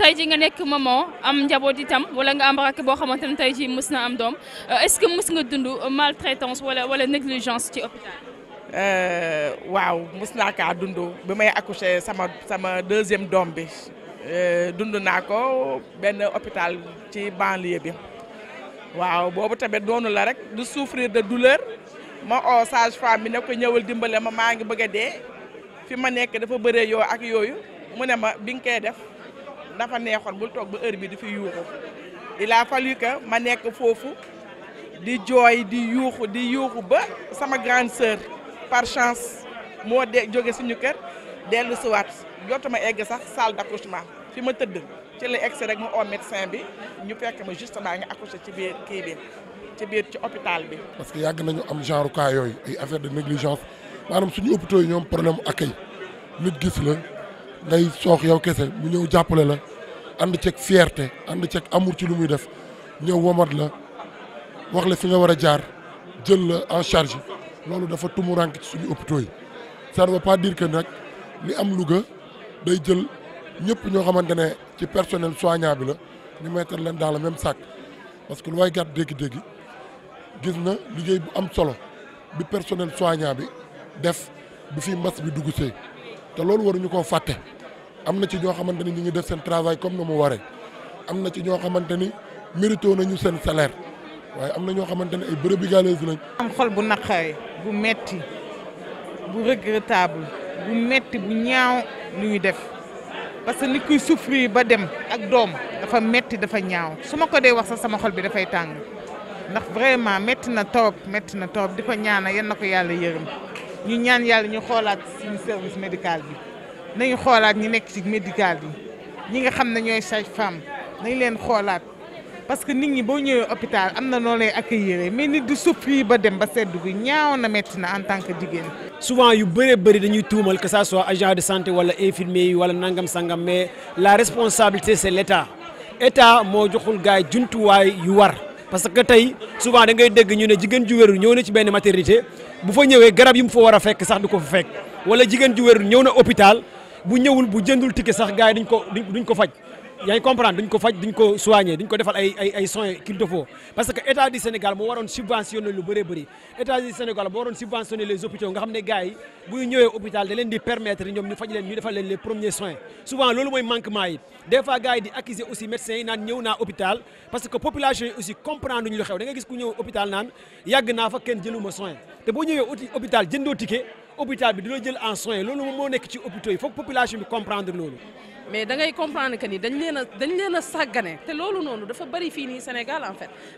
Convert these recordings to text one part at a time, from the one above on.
tey ji nga nekk maman am njaboot itam wala nga am rakk boo xamante ne tey ji mës na am doom euh, est-ce que mës nga dund maltraitance wala wala négligence ci hôpital euh, waaw mës naa kaa dund bi may accoucher sama sama deuxième doom bi euh, dund naa ko benn hôpital ci banlieue bi waaw boobu tamit doonu la rek du souffrir de douleur ma oo sage-femme bi ne ko ñëwal dimbale ma maa ngi bëgg a dee fi ma nekk dafa bëree yoo ak yooyu mu ne ma bi nga koy def dafa neexoon bul toog ba heure bi di fi yuuxu il a fallu ma nekk foofu di jooy di yuuxu di yuuxu ba sama grande sœur par chance moo de jóge suñu kër dellu si waat jotuma egg sax salle d'accouchement fi ma tëdd ci la egg si rek mu oo médecin bi ñu fekk ma justement nga accouché ci biir kii bi ci biir ci hôpital bi. parce que yàgg nañu am genre cas yooyu ay affaire de négligence maanaam suñu hôpitaux yi ñoom problème mu accueil nit gis la ngay soox yow kese mu ñëw jàppale la. ànd ceeg fierté ànd ceeg amour ci lu muy def ñëw womat la wax la fi nga war a jaar jël la en charge loolu dafa tumurank ci suñu hôpitaux yi ça ne pas dire que nag li am Louga day jël ñëpp ñoo xamante ne ci personnel soignant bi la ñu mettre leen dans le même sac parce que lu waay gàtt dégg-dégg gis na liggéey bu am solo bi personnel soignant bi def bu fi mbas bi dugg see te loolu war waruñu ko fàtte am na ci ñoo xamante ni ñu ngi def seen travail comme ni mu waree am na ci ñoo xamante ni mérito nañu seen salaire waaye am na ñoo xamante ni ay bërëb galeuse lañ. am xol bu naqare bu metti bu regrettable bu metti bu ñaaw lu ñu def parce que nit kuy souffrir ba dem ak doom dafa metti dafa ñaaw su ma ko dee wax sa sama xol bi dafay tàng ndax vraiment metti na torop metti na torop di ko ñaanal yan na ko yàlla yërëm ñu ñaan yàlla ñu xoolaat suñu service médical bi. nañu xoolaat ñi nekk ci médical yi ñi nga xam ne ñooy sage-femme nañ leen xoolaat parce que nit ñi boo ñëwee hôpital am na noo lay accueillir mais nit du souffrir ba dem ba sedd bi ñaaw na métti na en tant que jigéen. souvent yu bëree bëri dañuy tuumal que ça soit agent de santé wala infirmier yi wala nangam sangam mais la responsabilité c'est l'État État moo joxul gaay jumtuwaay yu war. parce que tey souvent da ngay dégg ñu ne jigéen ju wérul ñëw na ci benn maternité bu fa ñëwee garab yi mu fa war a fekk sax ko fa fekk wala jigéen ju wérul ñëw na hôpital. bu ñëwul bu jëndul ticket sax gars yi duñ ko duñ ko faj yaa ngi comprendre duñ ko faj duñ ko soigner duñ ko defal ay ay ay soins qu'il te faut parce que état du Sénégal moo waroon subventionné lu bëree état du Sénégal moo waroon subventionné les hôpitaux nga xam ne gars bu ñëwee hôpital da di permettre ñoom ñu faj leen ñu defal leen les premiers soins souvent loolu mooy manquement yi des fois gars di accuser aussi hôpital bi di la jël en soin loolu moom moo nekk ci hôpitaux yi foog population bi comprendre loolu. mais da ngay comprendre que ni dañ leen dañ leen a sàggane te loolu noonu dafa bari fii nii Sénégal en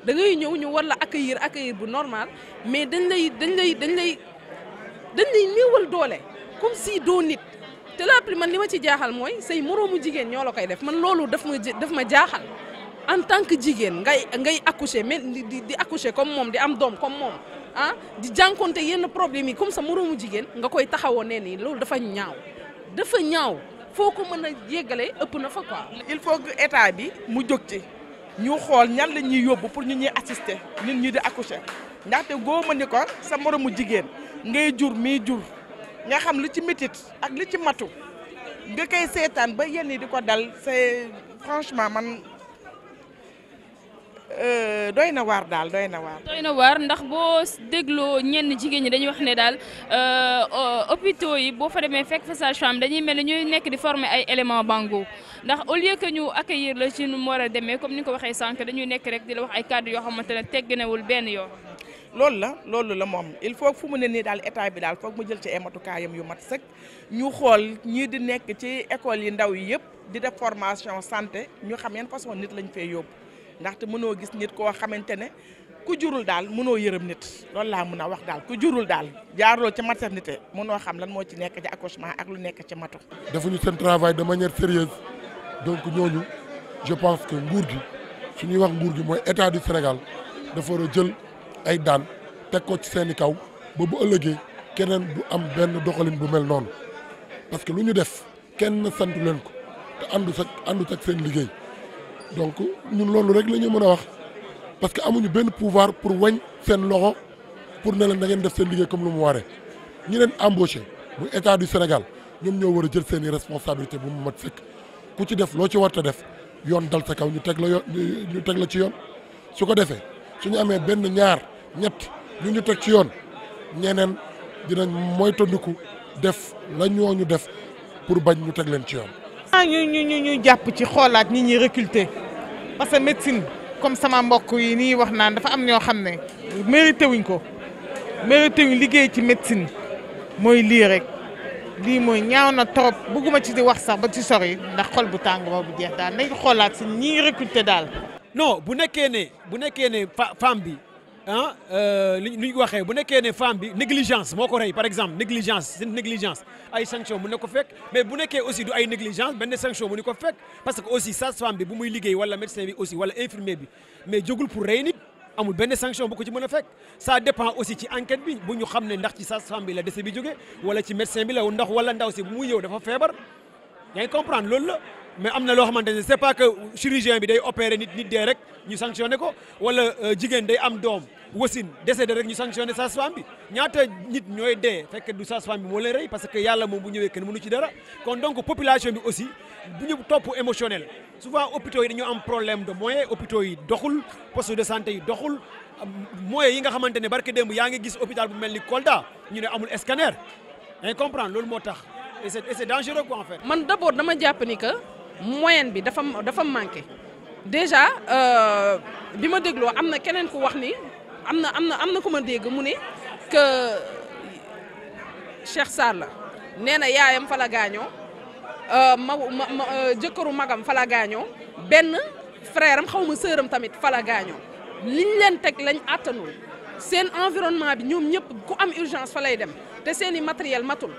dangay da ñëw ñu war la accueillir yiir bu normal mais dañ lay dañ lay dañ lay dañ néewal doole comme si doo nit. te la plus man li ma ci jaaxal mooy say moroomu jigéen ñoo la koy def man loolu dafa ma daf ma jaaxal en tant que jigéen ngay ngay accoucher mais di di accoucher comme moom di am doom comme moom. ah di jànkonte yenn problème yi comme sa moroomu jigéen nga koy taxawoo nee nii loolu dafa ñaaw dafa ñaaw foo ko mën a yéggale ëpp na fa quoi. il faut que état bi mu jóg ci ñu xool ñan la ñuy yóbbu pour ñu ñuy assister ñun ñu di accoucher ndaxte góoma ni ko sa moroomu jigéen ngay jur mii jur nga xam lu ci métit ak lu ci mattu nga kay seetaan ba yenn di ko dal sa franchement man. Euh, doy na waar daal doy na waar. doy na waar ndax boo dégloo ñenn jigéen ñi dañuy wax ne daal euh, euh, hôpitaux yi boo fa demee fekk fa sage-femme dañuy mel ni ñuy nekk di former ay éléments Bango ndax au lieu que ñu accueillir la ci nu mu war a demee comme ni ko waxee sànq dañuy nekk rek di la wax ay kàddu yoo xamante ne tegginewul benn yoon. loolu la loolu la moom il faut fu mu ne nii daal état bi daal foog mu jël ci matukaayam yu mat sëkk ñu xool ñii di nekk ci école yi ndaw yi yëpp di def formation santé xam yan façon nit lañ fee yóbbu. ndaxte mënoo gis nit koo xamante ne ku jurul daal mënoo yërëm nit loolu laa mën a wax daal ku jurul daal jaaroo ci maternité mënoo xam lan moo ci nekk ci accouchement ak lu nekk ci matu. defuñu seen travail de manière sérieuse donc ñooñu je pense que nguur gi su ñuy wax nguur gi mooy état du Sénégal dafa war a jël ay daan teg ko ci seeni kaw ba bu ëllëgee keneen bu am benn doxalin bu mel noonu parce que lu ñu def kenn santu leen ko te àndu sa àndu ak seen liggéey. donc ñun loolu rek la ñu mën a wax parce que amuñu benn pouvoir pour wañ seen loxo pour ne leen da ngeen def seen liggéey comme lu mu waree ñi leen embauché muy état du Sénégal ñoom ñoo war a jël seen i responsabilité bu mu mat sëkk ku ci def loo ci war a def yoon dal sa kaw ñu teg la yoon ñu teg la ci yoon su ko defee su ñu amee benn ñaar ñett ñu ñu teg ci yoon ñeneen dinañ moytandiku def la ñooñu def pour bañ ñu teg leen ci yoon. vraiment ñu ñu ñu jàpp ci xoolaat ñi ñi recruter parce que médecine comme sama mbokk yi nii wax naan dafa am ñoo xam ne mérité tewuñ ko mérité wuñ liggéey ci médecine mooy lii rek lii mooy ñaaw na trop bëgguma ci di wax sax ba ci sori ndax xool bu tàng ba bu jeex daal nañ xoolaat si ñi recruter daal. non bu nekkee ne bu nekkee ne femme bi. ah euh, li ñu waxee bu nekkee ne femme bi négligence moo ko rey par exemple négligence seen négligence ay sanction mun na ko fekk mais bu nekkee aussi du ay négligence benn sanction mu ni ko fekk parce que aussi sage-femme bi bu muy liggéey wala médecin bi aussi wala infirmier bi mais jógul pour rey nit amul benn sanction bu ko ci mën a fekk ça dépend aussi ci enquête bi bu ñu xam ne ndax ci sage-femme bi la décès bi jóge wala ci médecin bi la ndax wala ndaw si bu muy yow dafa feebar yaa la mais am na loo xamante ne c'est pas que chirurgien bi day opérer nit nit dee rek ñu sanctionné ko wala euh, jigéen day am doom wasin décédé rek ñu sanctionné sage-femme bi ñaata nit ñooy dee fekk du sage-femme bi moo leen rey parce que yàlla moom bu ñëwee kenn mënu ci dara kon donc population bi aussi bu ñu topp émotionnel souvent hôpitaux yi dañu am problème de moyens hôpitaux yi doxul poste de santé yi doxul moyens yi nga xamante ne barke démb yaa ngi gis hôpital bu mel ni Kolda ñu ne amul scanner dañ comprendre loolu moo tax et c'est dangereux quoi en fait. man ni que. moyenne bi dafa dafa manqué déjà euh, bi ma dégloo am na keneen ko wax ni am na am na am na ku ma dégg mu ne que Cheikh Sarr la nee na yaayam fa la gaañoo euh, ma ma euh, jëkkëru magam fa la gaañoo benn frère am xaw ma sœur tamit fa la gaañoo liñ leen teg lañ àttanul seen environnement bi ñoom ñëpp ku am urgence fa lay dem te seeni i matériel matul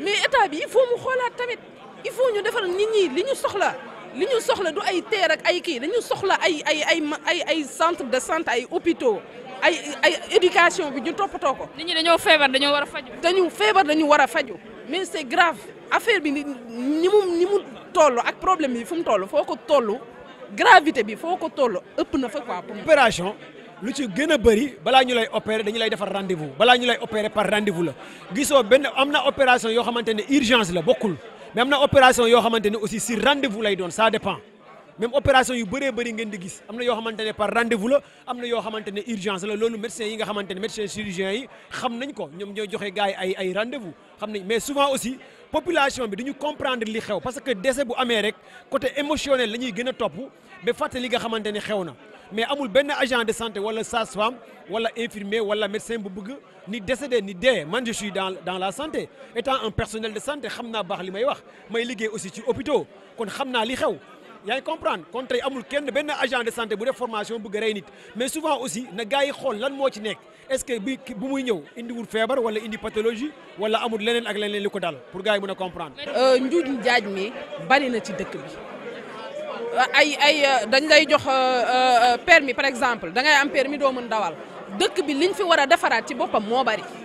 mais état bi il mu xoolaat tamit. il faut ñu defaral nit ñi li ñu soxla li ñu soxla du ay teer ak ay kii dañu soxla ay ay ay ay ay centre de santé ay hôpitaux ay ay éducation bi ñu toppatoo ko. nit ñi dañoo feebar dañoo war a faju. dañu feebar dañu war a faju mais c'est grave affaire bi ni mu ni mu toll ak problème bi fu mu toll foo ko tollu gravité bi foo ko toll ëpp na fa a quoi. opération lu ci gën a bëri balaa ñu lay opérer dañu lay defar rendez-vous balaa ñu lay opérer par rendez-vous la gisoo benn am na opération yoo xamante ne urgence la bokkul. mais am opération yoo xamante ne aussi si rendez-vous lay doon ça dépend même opération yu bëree bëri ngeen di gis am na yoo ne par rendez-vous la am na yoo xamante ne la loolu médecin yi nga xamante ne médecin chirurgien yi xam nañ ko ñoom ñooy joxe gars yi ay ay rendez xam nañ mais souvent aussi population bi dañu comprendre li xew parce que décès bu amee rek côté émotionnel la ñuy gën a topp ba fàtte li nga xamante ni xew na mais amul benn agent de santé wala sage-femme wala infirmier wala médecin bu bëgg ni décédé ni dee man je dans dans la santé étant un personnel de santé xam naa baax li may wax may liggéey aussi ci hôpitaux kon xam naa li xew yaa ngi comprendre kon tey amul kenn benn agent de santé bu def formation bu a rey nit mais souvent aussi na gars yi xool lan moo ci nekk est-ce que bi bu muy ñëw indiwul feebar wala indi pathologie wala amul leneen ak leneen li ko dal pour gaay yi mën a comprendre. Euh, njuuj njaaj mi bari na ci dëkk bi ay ay euh, dañ lay jox euh, permis par exemple dangay am permis doo mën dawal dëkk bi liñ fi war a defaraat ci boppam moo bari.